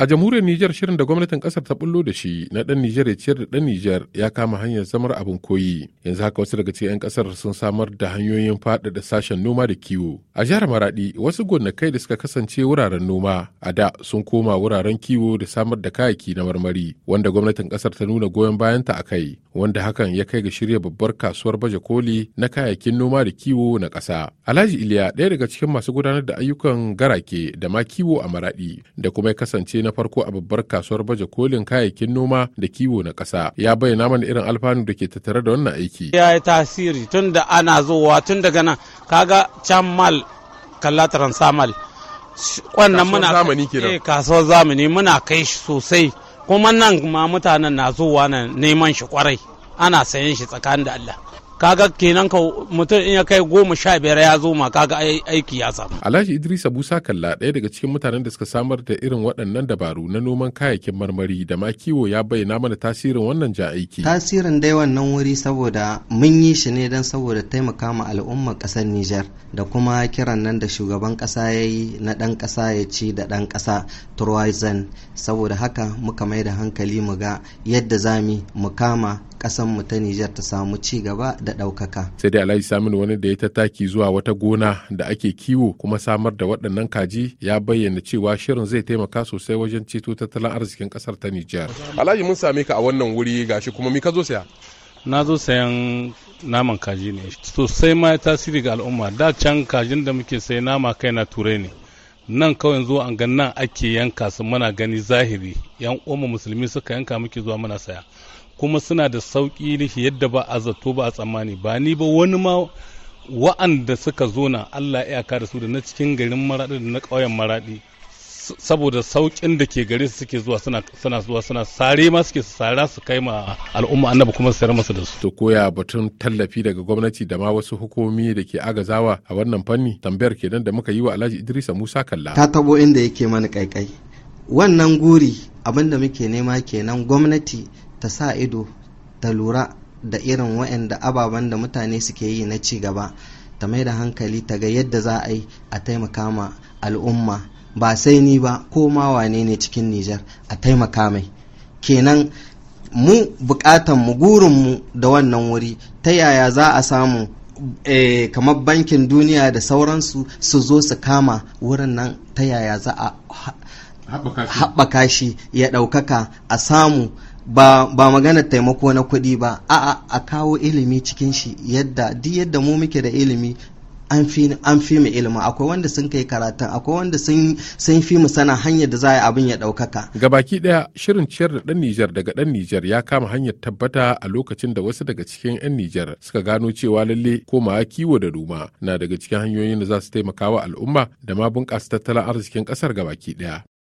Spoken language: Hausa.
A jamhuriyar Nijar shirin da gwamnatin kasar ta bullo da shi na ɗan Nijar ya ciyar da ɗan Nijar ya kama hanyar zamar abin koyi. Yanzu haka wasu daga cikin 'yan kasar sun samar da hanyoyin faɗaɗa sashen noma da kiwo. A jihar Maraɗi wasu gonakai da suka kasance wuraren noma a da sun koma wuraren kiwo da samar da kayaki na marmari wanda gwamnatin kasar ta nuna goyon bayanta a kai wanda hakan ya kai ga shirya babbar kasuwar baje koli na kayakin noma da kiwo na ƙasa. Alhaji Iliya ɗaya daga cikin masu gudanar da ayyukan garake da ma kiwo a Maraɗi da kuma ya kasance na farko a babbar kasuwar baje kolin kayayyakin noma da kiwo na ƙasa ya bayyana mana irin alfanu da ke tattare da wannan aiki ya yi tasiri tun da ana zowa tun daga nan kaga can mal kalla transamal muna zamani kenan eh, kasuwar zamani muna kai shi sosai kuma nan ma mutanen na zuwa nan neman shi kwarai ana sayan shi tsakanin da Allah kaga kenan ka mutum in ya kai goma sha biyar ya zo ma kaga aiki ya samu. Alhaji Idris Abusa Kalla ɗaya daga cikin mutanen da suka samar da irin waɗannan dabaru na noman kayayyakin marmari da ma kiwo ya bayyana mana tasirin wannan ja aiki. Tasirin dai wannan wuri saboda mun yi shi ne don saboda taimaka ma al'ummar kasar Nijar da kuma kiran nan da shugaban kasa ya yi na ɗan kasa ya ci da ɗan kasa Turwaizan saboda haka muka mai da hankali mu ga yadda zami mu kama kasan mu ta Nijar ta samu ci gaba da ɗaukaka. Sai dai Alhaji Saminu wani da ya ta tattaki zuwa wata gona da ake kiwo kuma samar da waɗannan kaji ya bayyana cewa shirin zai taimaka sosai wajen ceto tattalin arzikin kasar ta Nijar. Alhaji mun same ka a wannan wuri gashi kuma mi ka zo saya? Na zo sayan naman kaji ne sosai ma ya tasiri ga al'umma da can kajin da muke sai nama kai na turai ne nan kawai zo an nan ake yanka su mana gani zahiri yan umma musulmi suka yanka muke zuwa muna saya kuma suna da sauƙi yadda ba a zato ba a tsammani ba ni ba wani ma wa'anda suka zo na Allah iyaka da su da na cikin garin maraɗi da na ƙauyen maraɗi saboda sauƙin da ke gare su suke zuwa suna zuwa suna sare ma suke sara su kai ma al'umma annabi kuma su masa da su. To koya batun tallafi daga gwamnati da ma wasu hukumomi da ke agazawa a wannan fanni tambayar kenan da muka yi wa Alhaji Idrisa Musa Kalla. Ta tabo inda yake mani kaikai. Wannan guri abin da muke nema kenan gwamnati ta sa ido ta lura da irin waɗanda ababen da mutane suke yi na ci gaba ta mai da hankali ta ga yadda za a yi a taimaka ma al'umma ba sai ni ba ko ma wane ne cikin nijar a taimaka mai kenan mu bukatan mu gurin mu da wannan wuri ta yaya za a samu e, kamar bankin duniya da sauransu su zo su kama wurin nan ta yaya za a haɓaka shi ya ɗaukaka a samu ba, ba magana taimako na kuɗi ba a'a a kawo ilimi cikin shi yadda duk yadda mu muke da ilimi an fi mu ilimi akwai wanda sun kai karatun akwai wanda sun fi mu sana hanyar da za a abin ya ɗaukaka. ga baki ɗaya shirin ciyar da ɗan nijar daga ɗan nijar ya kama hanyar tabbata a lokacin da wasu daga cikin 'yan nijar suka gano cewa lalle ko ma kiwo da ruma na daga cikin hanyoyin da za su taimaka wa al'umma da ma bunƙasa tattalin arzikin ƙasar baki ɗaya.